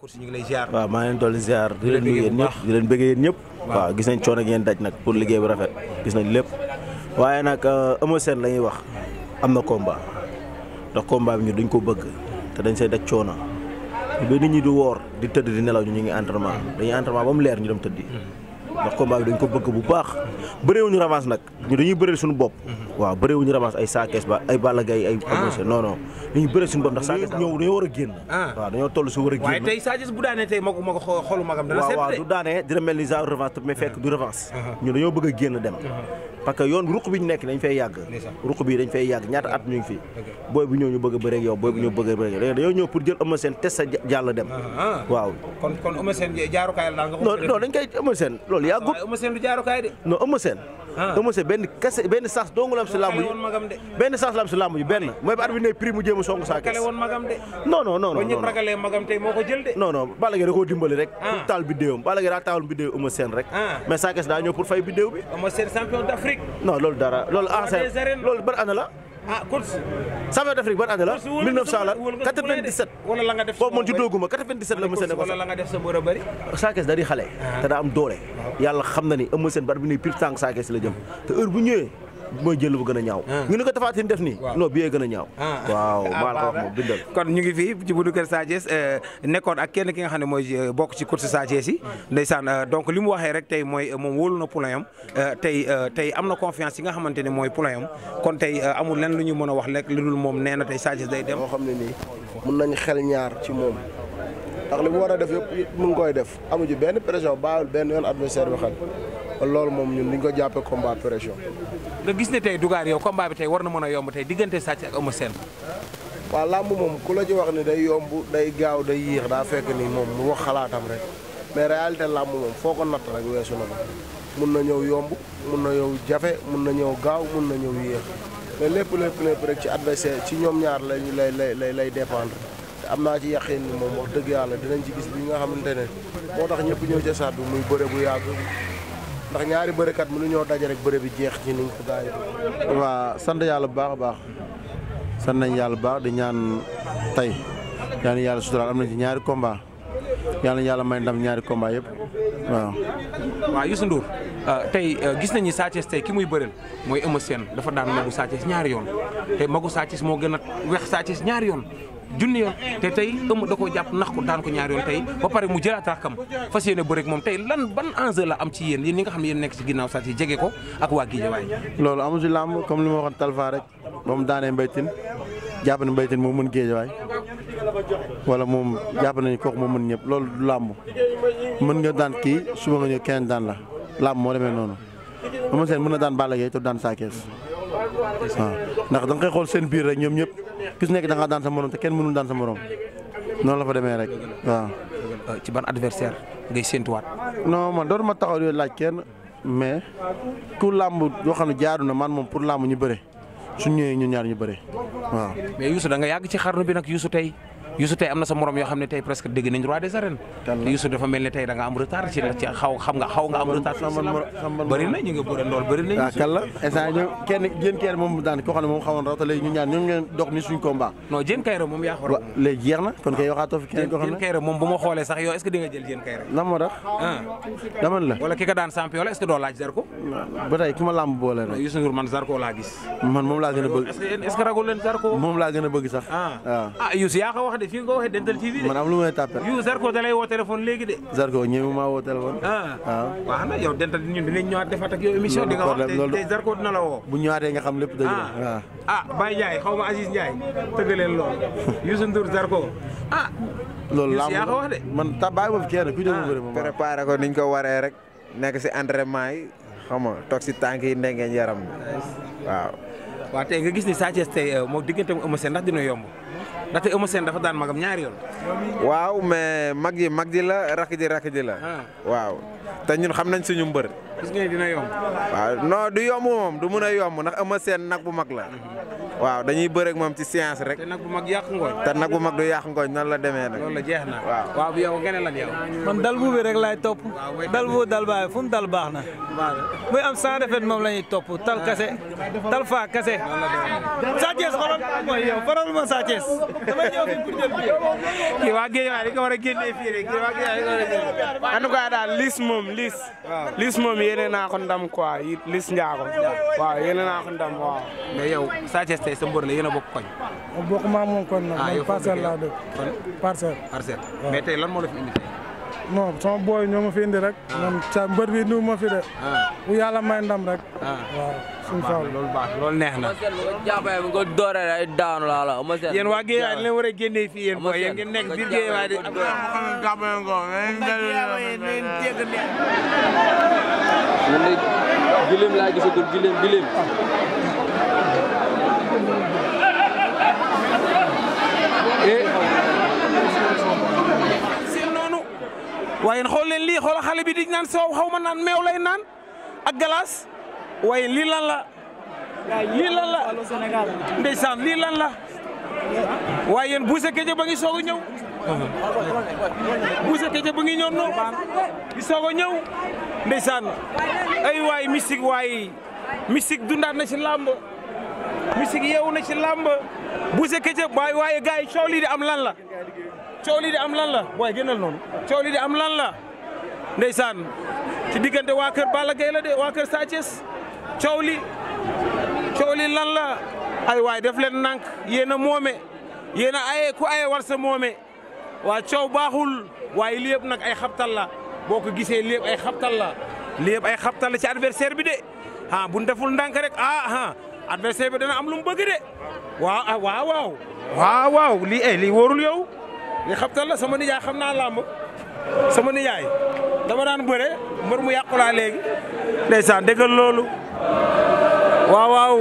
course ñu ngi lay ziar waaw maa leen dolli ziar di leen leen bëggee yéen ñëpp waaw gis nañ coono ak yéen daj nag pour liggéey bu rafet gis nañ lépp waaye nag euh, Eumeu Sène la wax am na combat ndax combat bi ñu dañ ko bëgg te dañ say daj coono ba nit ñi du woor di tëdd di nelaw ñu ñu ngi entrement dañuy entraînement ba mu leer ñu dem tëddi mm-hmm. ndax combat bi dañ ko bëgg bu baax bëreewuñu revanche nag ñu dañuy bëreel suñu bopp mhm. waaw bëreewuñu revanche ay saakees ba ay Balla Gaye ay Abouche ah. non non dañuy bëreel suñu bopp ndax saakees ñëw dañoo war a génn ah. waaw dañoo toll si war a génn waaye tey saakees bu daanee tey magu magu xolu magam dana seet waaw waaw du daanee dina mel ni genre revanche mais fekk du revanche ah. ñu dañoo bëgg a génn dem parce que yoon ruq bi ñu nekk dañ fay yàgg ruq bii dañ fay yàgg ñaata at ñu ngi booy bu ñëw ñu bëgg a yow booy bu ñëw bëgg a yow dañoo pour jël Eumeu Sène test sa jàll dem ah, ah. waaw kon kon Eumeu Sène jaarukaay la nga non du jaarukaay de ah. de non non non non ñëpp ko dimbali rek pour taal biddéewam Balla daa taal biddéew Eumeu Sène rek mais saa kese daa ñëw pour fay biddéew bi d'Afrique non lol dara lol ancien ah, loolu ban année la ah course champion d'Afrique ban année la 1900 la 97 wala la nga def boobu man juddooguma 97 la wala la nga def sa Sakess dari xale ah. te daa am doole ah. yàlla xam ni Eumeu Sène bar bi ne pire Sakess la jëm te heure bu mooy jël bu gën a ñaaw ah. ñu ni ko Tapha Tine def nii non bi yee gën a ñaaw ah. waaw ah, maa ko wax moom bindal kon ñu ngi fii ci buntu kër Sa Thiès euh, nekkoon ak kenn ki nga xam ne mooy euh, bokk ci course Sa Thiès yi ndeysaan euh, donc li mu waxee rek tey mooy moom wóolu na poulain am tey tey am na confiance yi nga xamante ne mooy poulain am kon tey amul lenn lu ñuy mën a wax rek lu dul moom nee na tey Sa day dem boo xam ne nii mun nañ xel ñaar ci moom ndax li mu war a def yëpp mu koy def amu ci benn pression bàyyul benn yoon adversaire bi xel kon loolu moom ñun li ñu ko jàppee combat pression. nga gis ne tey Dougar yow combat bi tey war na mën a yomb tey diggante Sa Thiès ak Eumeu Sène. waaw làmb moom ku la ci wax ni day yomb day gaaw day yéex daa fekk ni moom mu wax xalaatam rek mais réalité làmb moom foo ko natt rek weesu na ko mun na ñëw yomb mun na ñëw jafe mun na ñëw gaaw mun na ñëw yéex mais lépp lépp lépp rek ci adversaire ci ñoom ñaar lay lay lay lay dépendre te am naa ci yaqin ni moom wax dëgg yàlla dinañ ci gis bi nga xamante ne moo tax ñëpp ñëw ca saat muy bëre bu yàgg. ndax ñaari mu mënu ñoo daje rek bërë bi jeex ci niñ ko gars yi waaw sant yàlla bu baax a baax sant nañ yàlla bu baax di ñaan tey ñaan yàlla suturaal am na si ñaari combat yàlla yàlla may ndam ñaari komba yëpp waaw waaw Youssou ah, tey euh, gis nañu Sa Thiès tey ki muy bëreel mooy Eumeu seen dafa daan magu Sa Thiès ñaari yoon tey magu Sa Thiès moo gën a weex Sa Thiès ñaari yoon junni yoon te tey ëmb da koo jàpp nax ko daan ko ñaari yoon tey ba pare mu jëlaat rakkam fas yéene bëre ak moom tey lan ban enjeu la am ci yéen yéen ñi nga xam ne yéen nekk ci ginnaaw saa si jege ko ak waa Guédiawaye loolu amu ci làmb comme li ma wax Talfa rek ba mu daanee mbaytin jàpp na mbaytin moo mën Guédiawaye wala moom jàpp nañu kooku moom mën ñëpp loolu du làmb mën nga daan kii suba nga ñëw keneen daan la làmb moo demee noonu Eumeu Sène mën na daan Balla Gaye te daan Sa Thiès waaw ah. ndax da nga koy xool seen biir rek ñoom ñëpp gis nekk da daan sa morom te kenn mënul daan sa morom noonu la fa demee rek waaw. Euh, ci ban adversaire ngay séntuwaat. non man dootuma taxaw yooyu laaj kenn mais ku làmb yoo xam ne jaar na man moom pour làmb ñu bëre suñ ñëwee ñu ñaar ñu bëre waaw. mais Youssou da nga ci xarnu bi nag Youssou tey. Youssou tay amna sa morom yo xamne tay presque dégg nañ roi des arènes kan Youssou dafa melni tay da nga am retard ci ci xaw xam nga xaw nga am retard bari na ñi nga bëri ndool bari na ah, kala instant ñu kenn jeen kër mom daan ko xamne mom xawon raw ta lay ñu ñaan ñu ngeen dox ni suñ combat non jeen kër mom ya xor lay jeerna kon kay waxa fi kenn ko xamne ne jën kayra moom bu ma xoolee sax yo est-ce di nga jël jeen kër lan mo tax ah. dama la wala kika daan champion la est-ce do doo laaj Zarko ba tay kuma lamb bo leen rek Youssou man Zarko la gis man mom la gëna bëgg est-ce que ragul leen Zarko mom la gëna bëgg sax ah ah, ah Youssou ya ko wax de fii nga waxee Dental TV man am lu may tàppale. yu Zarko da lay woo téléphone léegi de. Zarko ñëw maa woo téléphone. ah, ah. waaw na yow Dental ñun dinañ ñëwaat defaat ak yow émission. di nga wax te Zarko dina la bu ñëwaatee nga xam lépp dëgg la waaw. Ah. Ah. ah Baye Ndiaye xaw ma Aziz Ndiaye tëggaleen lool Youssou Ndour Zarko ah. loolu laa de man ta bàyyi ma fi kenn ku ñu bëri ko niñ ko waree rek nekk si entraînement yi xam nga toog si tànk yi ndengeeñ yaram waaw waaw nga gis ni Sa Thiès tey euh, moo diggante mu Eumeu Sène ndax dina yomb ndaxte Eumeu Sène dafa daan magam ñaari yoon. waaw mais mag yi mag ji la rakk ji rakk ji la. Ah. waaw te ñun xam nañ suñu mbër. gis nga dina yomb. waaw no du yomb moom du mun a yomb ndax Eumeu Sène nag bu mag la. Mhm. waaw dañuy bëre moom ci science rek. te nag bu mag yàq ngooñ. te nag bu mag du yàq ngooñ noonu la demee nag. loolu jeex na waaw. waaw bu yow gën lan yow. man dal bu bi rek laay topp. dal bu dal baay baax na. muy am sans défaite moom la topp tal kase tal faa kase. Sa Thiès xoolal mooy yow faral ma Sa Thiès. damay ñëw fi pour jël bi. kii waa ko a waa Guèye a daal lis moom lis. lis moom yéene naa ko dam quoi lis Ndiago. say sa mbër la a bokk koñ. bokk maa moom koñ nag. ah yow laa dëkk kon parcelle. tey lan moo fi indi tey. non sama booy fi indi rek. Ah. man sa mbër ma fi de. Ah. bu yàlla may ndam rek. Ah. waaw suñu faaw loolu baax loolu neex na. jàppee nga a nekk biir Guèye waaye de. gilim laa gisagul gilim gilim. waaye xool leen lii xool xale bi di naan soow xaw ma naan meew lay naan ak galaas waaye lii lan la. lii lan la ndeysaan lii lan la waaye yéen Boucher Kétié ba ngi soog a ñëw. Boucher ba ngi ñëw noonu di soog a ñëw ndeysaan ay waay mystique waay mystique dundaat na ci làmb mystique yeewu na ci làmb Boucher Kétié waaye gars yi coow lii di am lan la. coow lii di am lan la booy génnal noonu coow lii di am lan la ndeysaan ci diggante waa kër Balla Gaye la de waa kër Sa coow li coow li lan la ay waay def leen nànk yéen a moome yéen a aye ku aye war moome waa coow baaxul waaye li yëpp nag ay xabtal boo ko gisee li ay xabtalla la ay xabtal ci adversaire bi de ah bu ñu deful ndànk rek ah ah adversaire bi dana am lu mu bëgg de waaw ah waaw waaw lii ay eh, lii wóorul yow. li xabtal la sama nijaay xam naa làmb sama nijaay dama daan bëre mbër mu yàqulaa léegi ndeysaan déggal loolu waaw waaw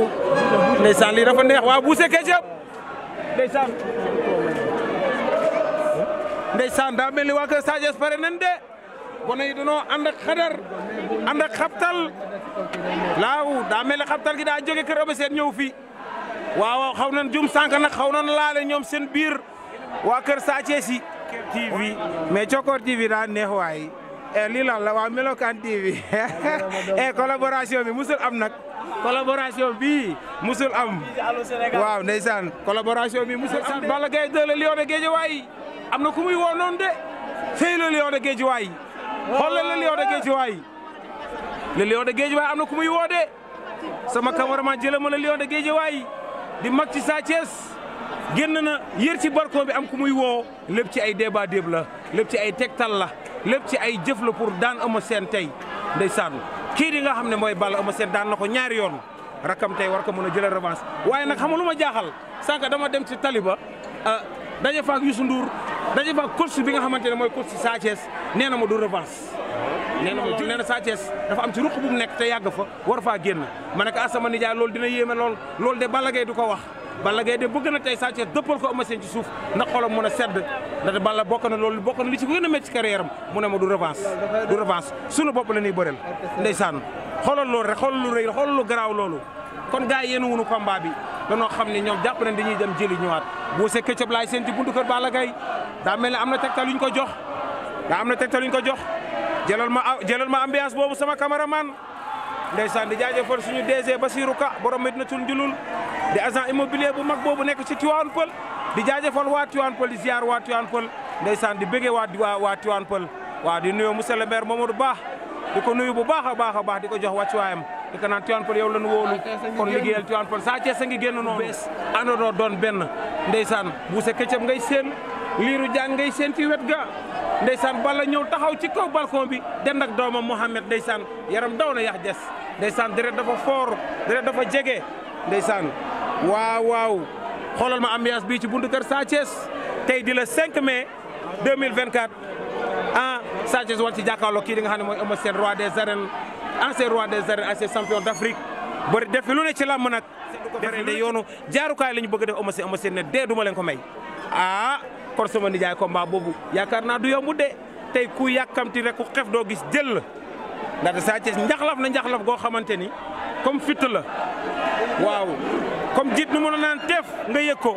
ndeysaan lii dafa neex waaw buuse kee yëpp ndeysaan ndeysaan daa mel ni waa kër Sadio pare nañ de gone yi dañoo ànd ak xadar ànd ak daa mel ni xabtal gi daa jóge kër Eumeu Sène ñëw fii waaw xaw nañ jum sànq na xaw nañ laale ñoom seen biir waa Kër Saatchi si TV mais Cokor TV daa neex waay e lii lan la waa Melokaan e collaboration bi musul am nag collaboration bi musul am waaw ndeysaan collaboration bi musul am Balla Gaye 2 la Lion de Guédiawaye am na ku muy woo noonu de fey la Lion de Guédiawaye xoolal la Lion de Guédiawaye le Lion de Guédiawaye am na ku muy woo de sama cameraman jëlama la Lion de Guédiawaye di mag ci Sa génn na yér ci balcon bi am ku muy woo lépp ci ay débat déeb la lépp ci ay tegtal la lépp ci ay jëf la pour daan Eumeu seen tey saanu kii di nga xam ne mooy Balla ama seen daan na ko ñaari yoon rakam tey war ko mën a jëlee revanche waaye nag xam nga lu ma jaaxal sànq dama dem ci taliba ah, daje faak Youssou Ndour daje faak course bi nga xamante ne mooy course Sa Thiès nee na ma du revanche nee na ma nee na Sa Thiès dafa am ci ruq bu mu nekk te yàgg fa war faa génn ma ne ko ah sama nijaay loolu dina yéeme lool loolu de Balla Gaye du ko wax Balla Gaye de bëgg na tey Sa Thiès dëppal ko Eumeu Sène suuf ndax xolam mën a sedd ndax Balla bokk na loolu bokk na li ci gën a mu ne ma du revanche du revanche suñu bopp la ñuy bëreel ndeysaan xoolal loolu rek xoolal lu loolu kon gars yi yéen wunu combat bi danoo xam ne ñoom jàpp nañ dañuy dem jëli ñëwaat boo see këccëb laay seen ci buntu kër Balla Gaye daa mel am na tegtal yuñ ko jox daa am na tegtal ko jox jëlal ma jëlal ma ambiance boobu sama cameraman ndeysaan di jaajëfal suñu DG Basirou Ka borom Medinatul Njulul di agent immobilier bu mag boobu nekk ci Tivaouane Peulh di jaajëfal waa Tivaouane Peulh di ziar waa Tivaouane Peulh ndeysaan di bëggee waa waa waa Tivaouane Peulh waaw di nuyu monsieur le maire Mamadou Ba di ko nuyu bu baax a baax a baax di ko jox wàccuwaayam di ko naan Tivaouane Peulh yow la ñu wóolu kon liggéeyal Tivaouane Peulh saa Cees a ngi génn noonu doon benn ndeysaan buuse këccëb ngay seen liiru jàng ngay seen ci wet ga ndeysaan bala ñëw taxaw ci kaw balcon bi dend ak doomam Mohamed ndeysaan yaram daw na yax des ndeysaan deret dafa foor deret dafa jege ndeysaan waaw waaw xoolal ma ambiance bii ci buntu kër Sa Thiès tey di le 5 mai 2024 ah Sa Thiès war ci jàkkaarloo kii di nga xam ne mooy Eumeu Sène roi des arènes ancien roi des arènes ancien champion d'Afrique bëri def lu ne ci làmb nag. def yoonu jaarukaay la ñu bëgg a def Eumeu Sène Eumeu ne dee du ma leen ko may ah kon sama nijaay combat boobu yaakaar naa du yomb de tey ku yàkkamti rek ku xef doo gis jël ndaxte Sa Thiès njaxlaf na njaxlaf goo xamante ni. comme fitt la waaw comme jiit nu mu la naan teef nga yëg ko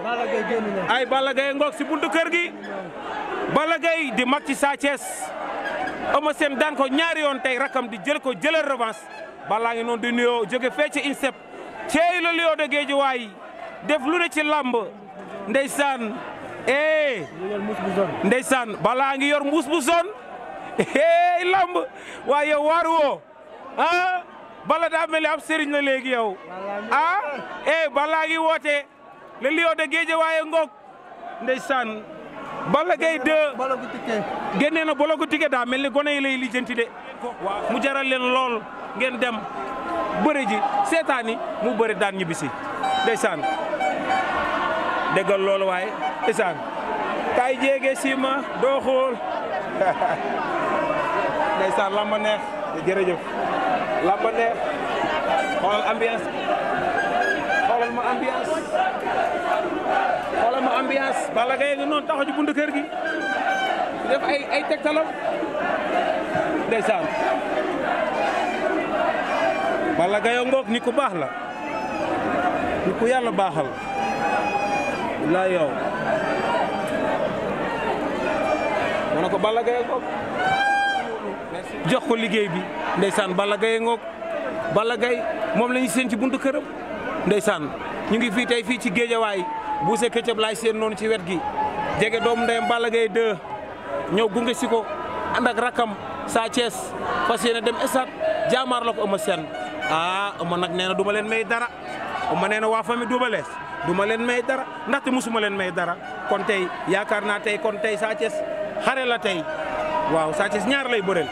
ay Balla Gaye ngoog si buntu kër gi Balla Gaye di mag ci Sa Thiès Eumeu ko ñaari yoon tey rakam di jël ko jëlal revanche balaa ngi noonu di nuyoo jóge fee ci INSEP ceey la Lion de def lu ne ci làmb ndeysaan eh ndeysaan balaa ngi yor mbuus bu zone eh làmb waaye yow waaru woo ah bala daa mel ab sëriñ la léegi yow ah eh balaa ngi woote le lion de Guédiawaye ngoog ndeysaan Balla Gaye 2 bologu ticket génne na bologu ticket daa mel ni gone yi lijjanti de mu jaral leen lool ngeen dem bëri seetaani mu bëri daan ñibbisi ndeysaan déggal loolu waaye ndeysaan kay jéege siima doo xool ndeysaan lamba neex jërëjëf lamba neex xoolal ambiance xoolal ma ambiance xoolal ma ambiance Balla Gaye noonu taxaw ci kër gi def ay ay tegtalam ndeysaan Balla Gaye ngoog nit ku baax la nit ku yàlla baaxal la yow ma ne ko Balla Gaye jox ko liggéey bi ndeysaan bala gay ngoog bala gay moom la ñu ci buntu këram ndeysaan ñu ngi fii tey fii ci géejawaay buuse këccëb laay seen noonu ci wet gi jege doom ndeyam Balla Gaye 2 ñëw gunge si ko ànd ak rakkam Sa fas yéene dem stade jaamaar la ko Eumeu Sène ah Eumeu nag nee na leen may dara Eumeu nee na waa famille Double Less leen may dara ndaxte musuma leen may dara kon tey yaakaar naa tey kon tey Sa Thiès xare la tey waaw Sa Thiès ñaar lay bëreel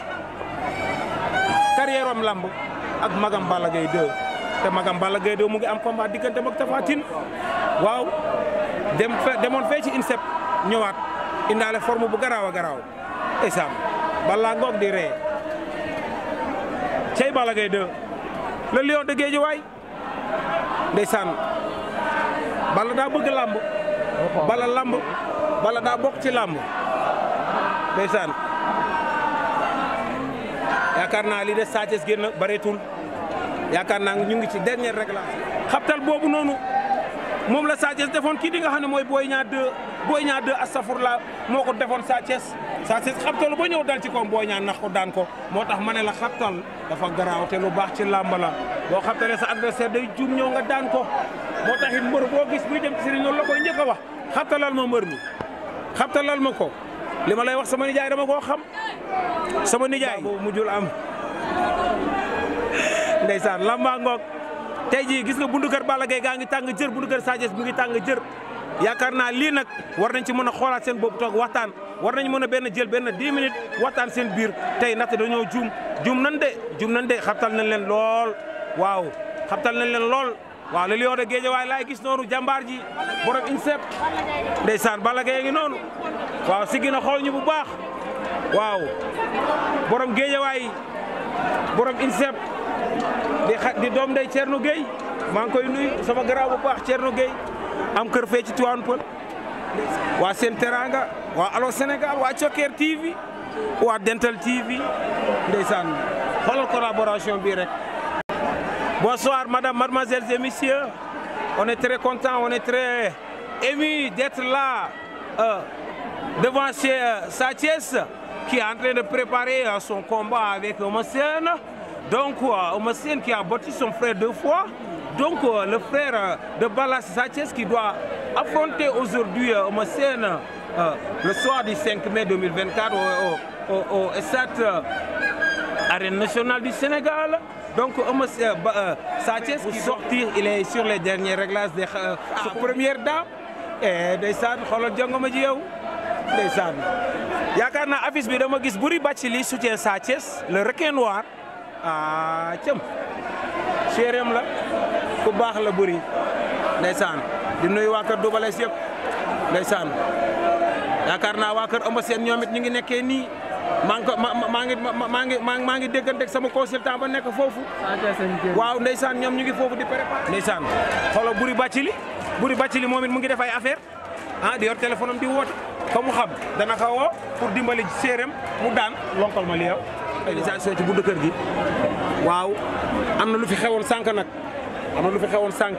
carrière am lamb ak magam Balla Gaye 2 te magam Balla Gaye 2 mu ngi am combat diggante ak Tapha Tine waaw dem fe demoon fee ci INSEP ñëwaat indaale forme bu garaaw a garaaw isaam Balla ngoog di ree cey Balla Gaye 2 le lion de Guédiawaye ndeysaan Balla daa bëgg lamb Balla lamb Balla daa bokk ci lamb ndeysaan yaakaar naa li des Sa Thiès génn bareetul yaakaar naa ñu ngi ci dernier réglage xabtal boobu noonu moom la Sa defoon kii di nga xam ne mooy Boy Niang 2 Boy Niang 2 astafurla moo ko defoon Sa Thiès Sa Thiès xabtal ba ñëw dal ci koom Boy Niang nax ko daan ko moo tax ma ne la xabtal dafa garaaw te lu baax ci làmb la boo xabtalee sa adversaire day juum ñëw nga daan ko moo tax it mbër boo gis buy dem ci sëriñ loolu la koy njëkk a wax xaptalal ma mbër mi xabtalal ma ko li ma lay wax sama nijaay dama koo xam. sama nijaay boobu mujjul am ndeysaan lamba ngoog tey jii gis nga bundu kër Balla Gaye gaa ngi tàng jër bundu kër Sa Thiès mu ngi tàng jër yaakaar naa lii nag war nañ ci mën a xoolaat seen bopp toog waxtaan war nañ mën a benn jël benn 10 minutes waxtaan seen biir tey ndaxte dañoo juum jum nañ de juum nañ de xabtal nañ leen lool waaw xabtal nañ leen lool waaw li li wax de géej waaye laay gis noonu jàmbaar ji borom INSEP ndeysaan Balla Gaye ngi noonu waaw siggi na waaw borom borom INSEP di di doom day sama bu baax am ci Sénégal waa Thioker TV waa Dental TV ndeysaan xoolal collaboration bi rek. bonsoir madame mademoiselles et messieurs on est très content on est très ému d'être là euh, devant chez euh, qui est en train de préparer euh, son combat avec Ousmane. Donc euh, Ousmane qui a battu son frère deux fois. Donc euh, le frère de Balas Sachez qui doit affronter aujourd'hui Ousmane le soir du 5 mai 2024 au, au, au, nationale du Sénégal. Donc, Sachez qui sortir, il est sur les dernières réglages de ah sa première dame. Et Desan, Desan. yakarna office bi dama gis Boury li soutien Sa Thiès le requin noir ah tiam cherem la ku bax la buri ndaysan di nuyu wa keur Doubalès yëpp ndaysan yakarna wa keur kër Eumeu Sène ñoom ngi nekké ni mang ngi ko maa ngi maa ak sama consultant ba nek fofu waaw ndaysan ñom ñu ngi fofu di préparer. xolo buri Boury li buri Bathily li momit mu ngi def ay affaire ah di yor téléphone am di woote ka mu xab dana ko woo pour dimbali séeréem mu daan lonkal ma li yow ah. organisation ci bunt kër gi waaw am na lu fi xewoon sànq nag am na lu fi xewoon sànq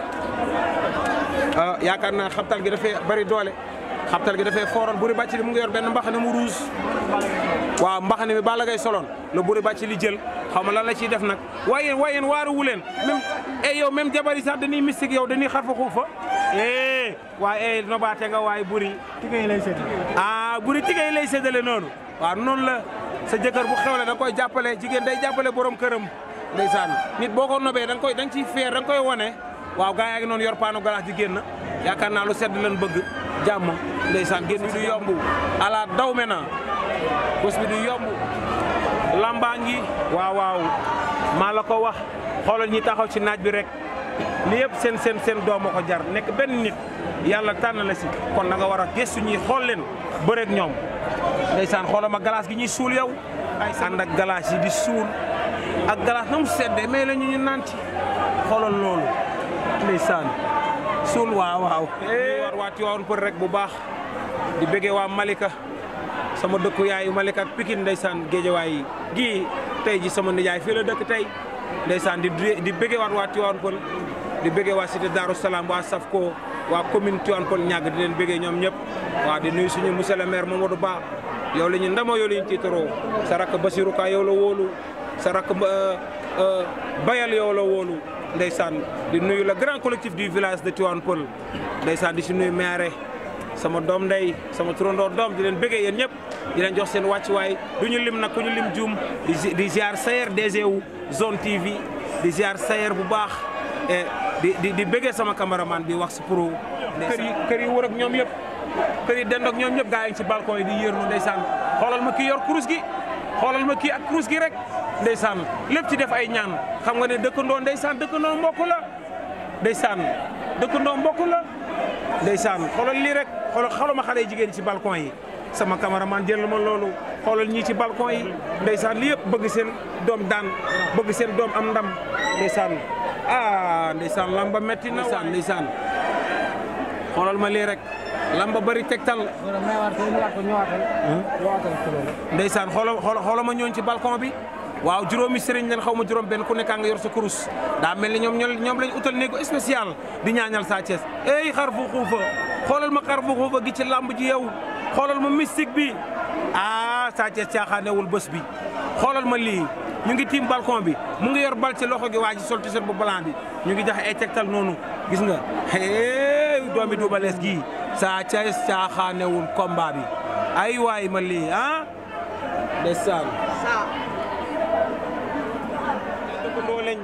ah, yaakaar naa xabtal gi dafay bari doole xabtal gi dafay fooroon buri bàcc li mu ngi yor benn mbaxane mu ruus waaw mbaxane mi Balla Gaye soloon la buri bàcc li jël xaw ma lan la ciy def nag waaye waaye waaru wu leen même eh, yow même jabar yi sax dañuy mystique yow dañuy xarfa eh waaye eh nobaate nga waaye buri tike yi lay séddale ah, buri tike yi lay séddale noonu waaw noonu la sa jëkkër bu xewle da nga koy jàppale jigéen day jàppale borom këram ndeysaan nit boo ko nobee da koy dañ nga ciy feer da koy wone waaw gaa yaa ngi noonu yor paanu galaas di génn yaakaar naa lu sedd leen bëgg jàmm ndeysaan génn bi du yomb ala daw me na bés bi du yomb lambaa ngi waaw maa la ko wax xoolal ñi taxaw ci naaj bi rek li sen sen sen seen doomu ko jar nek ben nit yalla tan la ci kon da nga wara a ñi xol xool leen bëreeg ñoom ndeysaan xoolal ma galaas gi ñi sul yow. and ak galaas yi di sul ak galaas na sedde seddee mais la ñu ñu naan ci xoolal loolu ndeysaan wa waaw waaw. war wat Tiwaawoon Pël rek bu baax di bege wa Malika sama dekk yaayu Malika ak Pikine ndeysaan géejewaay gi tay ji sama nijaay fi la dekk tay ndaysan di di bege wat wat Tiwaawoon Pël di bëggee waa cité Darou Salaam waa ko waa commune Tivaouane Peulh ñàgg di leen bëggee ñoom ñëpp waaw di nuyu suñu monsieur le maire Mamadou Ba yow la ñu ndamoo yow la ñu tiitaroo sa rakk Basirou Ka yow la wóolu sa rakk euh, euh, Bayal yow la wóolu ndeysaan di nuyu la grand collectif du village de Tivaouane Peulh ndeysaan di si nuyu maire sama doom ndey sama turandoo doom di leen bëggee yéen ñëpp di leen jox seen wàccuwaay du ñu lim nag ku ñu lim juum di ziar sayer DG wu di ziar sayer bu baax di di di bege sama cameraman bi wax si pro keri yi kër ak ñom yëpp keri ak ñom gaay ci balcon di yernu ndaysan xolal ma ki yor krus gi xolal ma ki ak krus gi rek ndaysan lepp ci def ay ñaan xam nga ne dëkkandoo ndeysaan desan mbokk la ndeysaan dëkkandoo mbokk la ndaysan xolal li rek xolal xaluma xalé jigen ci balcon yi sama cameraman jël ma lolu xolal ñi ci balcon yi ndaysan li dan bëgg seen dom daan bëgg seen dom am ndam ndaysan ah ndeysaan lamba metti na ndeysaan ndeysaan xoolal ma lii rek lamba bari tegtal. Hmm? ndeysaan xoolal xoolal ma ñooñ ci balkon bi waaw juróomi sëriñ leen xaw ma juróom benn ku nekkaa nga sa kurus daa mel ni ñoom ñoom lañ utal néegu spécial di ñaañal Sa Thiès ey xar fu xuufa xoolal ma xar fu xuufa gi ci lamb ji yow xoolal ma mystique bi ah Sa Thiès caaxaanewul bés bi xoolal ma lii ñu ngi tim balcon bi mu ngi yor bal ci loxo gi waji sol t-shirt bu blanc bi ñu ngi jax ay nonu gis nga hey doomi Double Less gi sa xane wul combat bi ay way ma ah sa mo lañ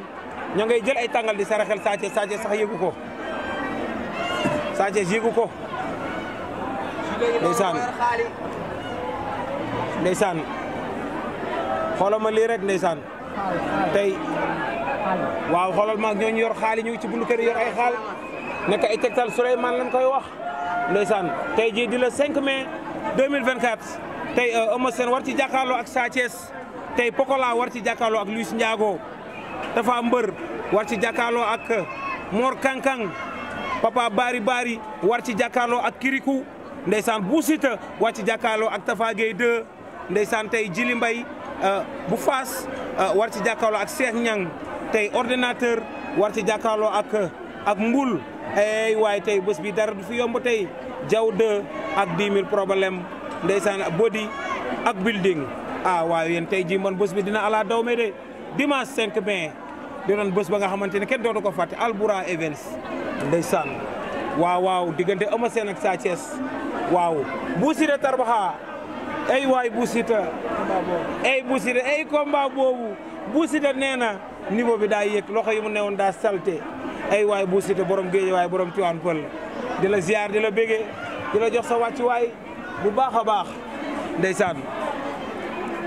ñoo ngay jël ay tangal di saraxel Sa Thiès Sa Thiès sax yegu ko Sa Thiès yegu ko xolama li rek ndaysan tay waaw xolal ma ñoo yor xaal ñu ci bulu keer yor ay xaal nekk ay tektal Souleymane lañ koy wax ndaysan tay ji di la 5 mai 2024 tay euma sen war ci jakarlo ak satiès tay Pokola war ci jakarlo ak Luis Ndiago Tafa Mbër war ci jakarlo ak euh, Mor Kankang Papa Bari Bari war ci jakarlo ak kiriku ndaysan bousita war ci jakarlo ak Tafa Gueye 2 ndaysan tay Jili mbay Euh, bu Fass euh, war ci jàkkaarloo ak Cheikh Niang tey ordinateur war ci jàkkaarloo ak ak Mbul ay waaye tey bés bi dara du fi yomb tey jaw 2 ak 10 000 problème ndeysaan body ak building a ah, waaye tey jii man bés bi dina ala daw me de dimanche 5 mai di doon bés ba nga xamante ne kenn dootu ko fàtte Alboura Events ndeysaan waaw waaw diggante Eumeu Sène ak Sa Thiès waaw Bou Siteu Tarbaxa ay waay Bou Siteu ay Bou Siteu ay combat nee na niveau bi daa yëg loxo yi mu newoon daa salté ay waay Bou Siteu borom géej waay borom Tiwaan Pël di la ziar di la bégee di la jox sa wàccuwaay bu baax a baax ndeysaan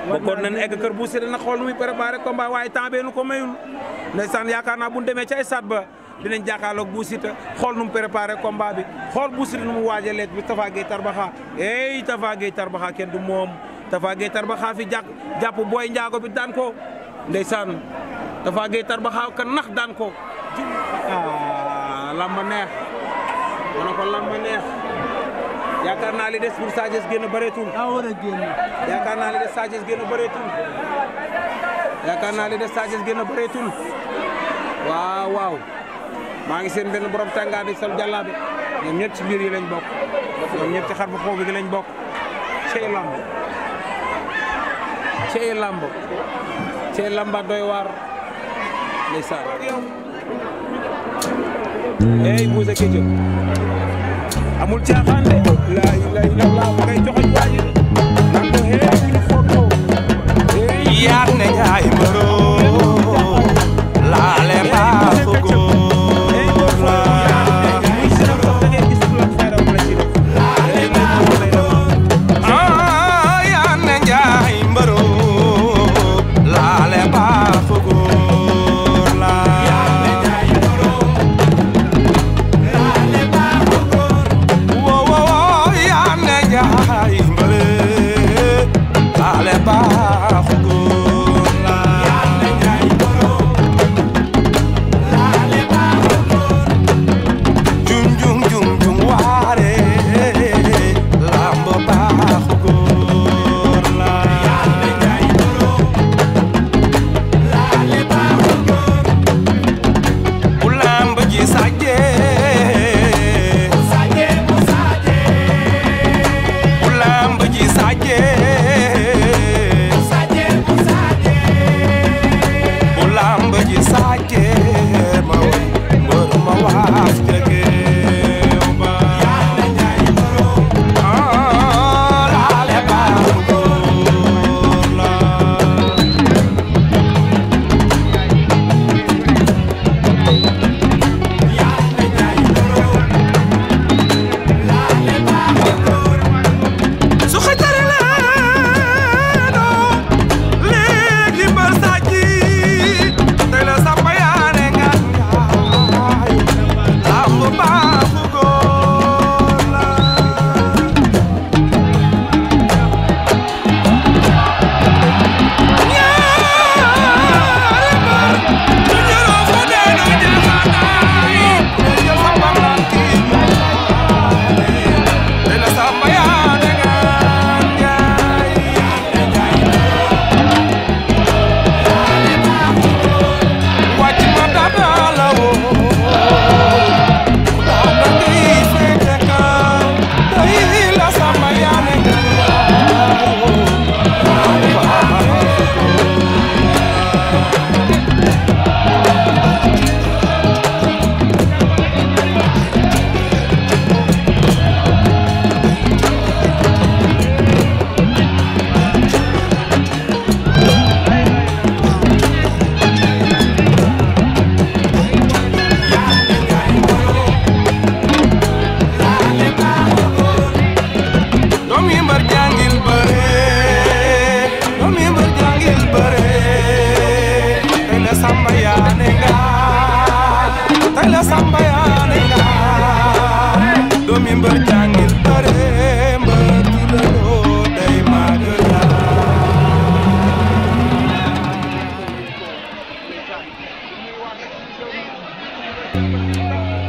bokkoon nañ egg kër Bou Siteu na xool nu muy préparé combat waaye temps bee nu ko mayul ndeysaan yaakaar naa bu ñu demee ca stade ba dinañ jàkkaarloog Bou Siteu xool nu préparé combat xool Bou Siteu waaj mu waajaleeg bi Tafa Gueye Tarbaxa ey Tafa Tarbaxa kenn du moom Tafa Gueye Tarbaxa fi jàpp jàpp booy njaago bi daan ko ndeysaan Tafa Gueye Tarbaxa kan nax daan ah, lamba neex ma ne ko lamba neex yaakaar naa li des pour Sa Thiès ah, génn naa Sa génn bëreetul. yaakaar naa li des Sa Thiès génn bëreetul waaw waaw. maangi seen ben borom tanga bi sal jalla bi ñom ñet ci bir yi lañ bok ñom ñet ci xar bu xoobi lañ bok cey lamb cey lamb cey lamba doy war ne sa ey Moussa kejo amul caaxaan de la ilaha illallah ngay joxoñ waji naan ko ñu foto yaa ne yaay mbëroo Música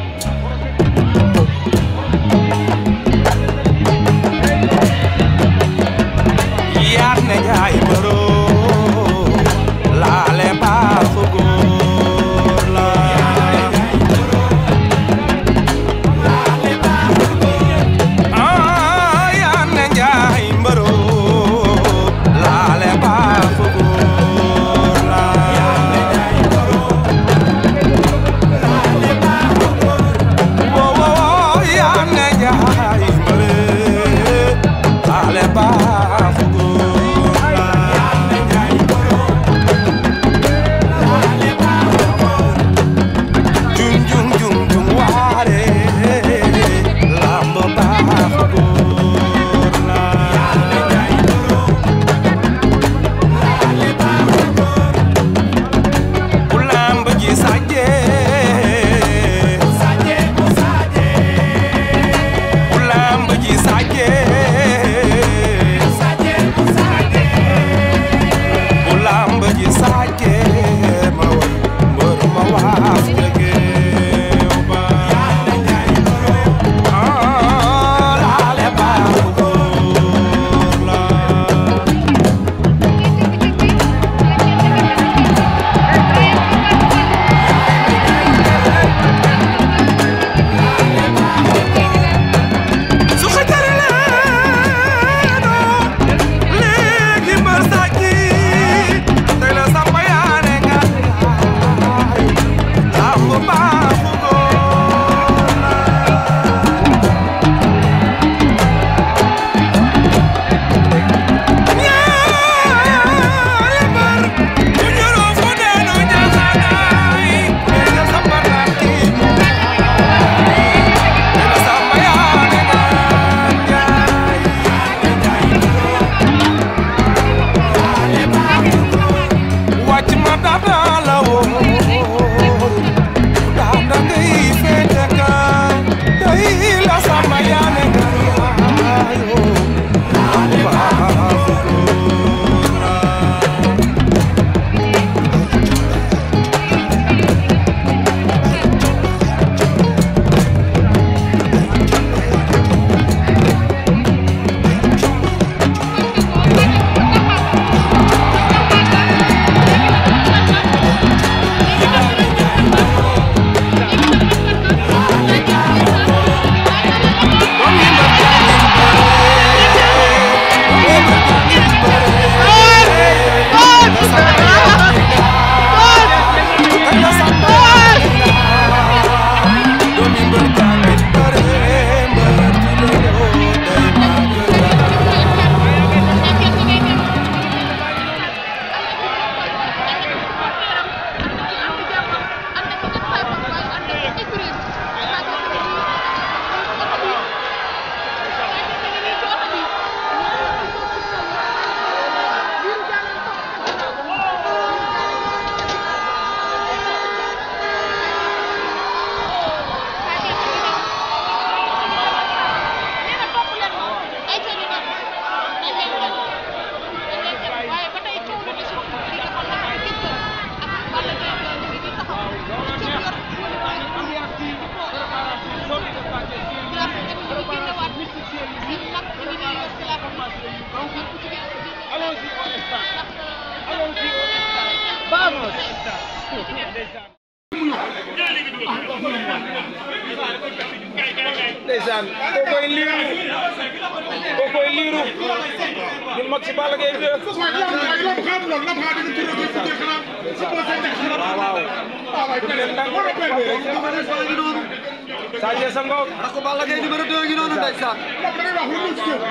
sa ngoog rako Balla Gaye numéro 2 ngi noonu ndeysaan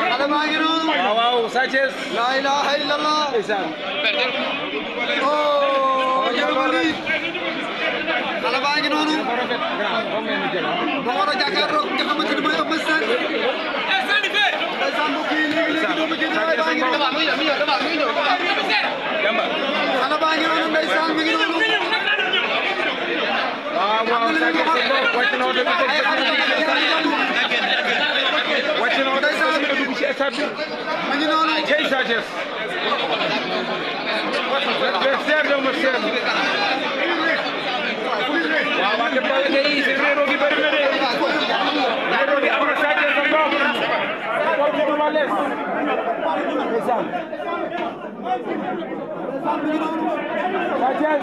xale baa ngi noonu waaw waaw Sa Thiès la ilaha illallah ndeysaan oh jërëjëf xale baa ngi noonu moo war a jàkkaarloo nga xamante ne mooy Eumeu Sène wàcc na wàcc na dugg ci stade bi ma ngi noonu tey Sa Thiès seer na ma seer waaw waaw te pare tey réeroo gi bëri na de réeroo gi am na Sa Thiès ak baax waaw te duma lees ndeysaan Sa Thiès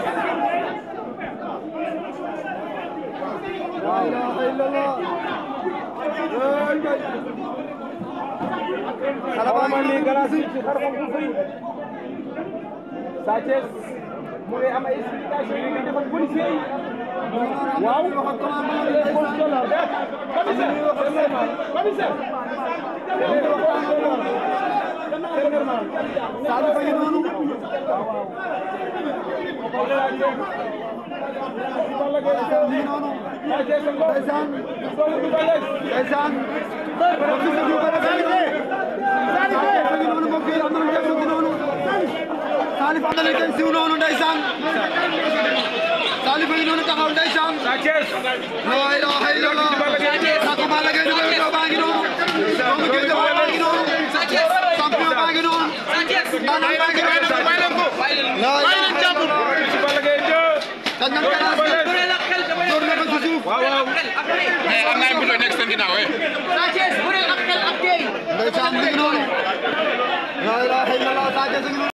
xale baa ngi nii galaasi ci xar fa nguur fay Sa Thiès mu ngi am ay explication yu ngi defal policier yi waaw commissaire commissaire సాలి పంటలు అయితే శివులో ఉంటాయి సార్ సాలి పదిలో టకా ఉంటాయి సార్ సంపూర్ణ waaw waaw mais eh, am na ay moto nekk seen ginnaaw eh. Sa Thiès bu dee ak xel ak tey. ndeysaan mi ngi noonu.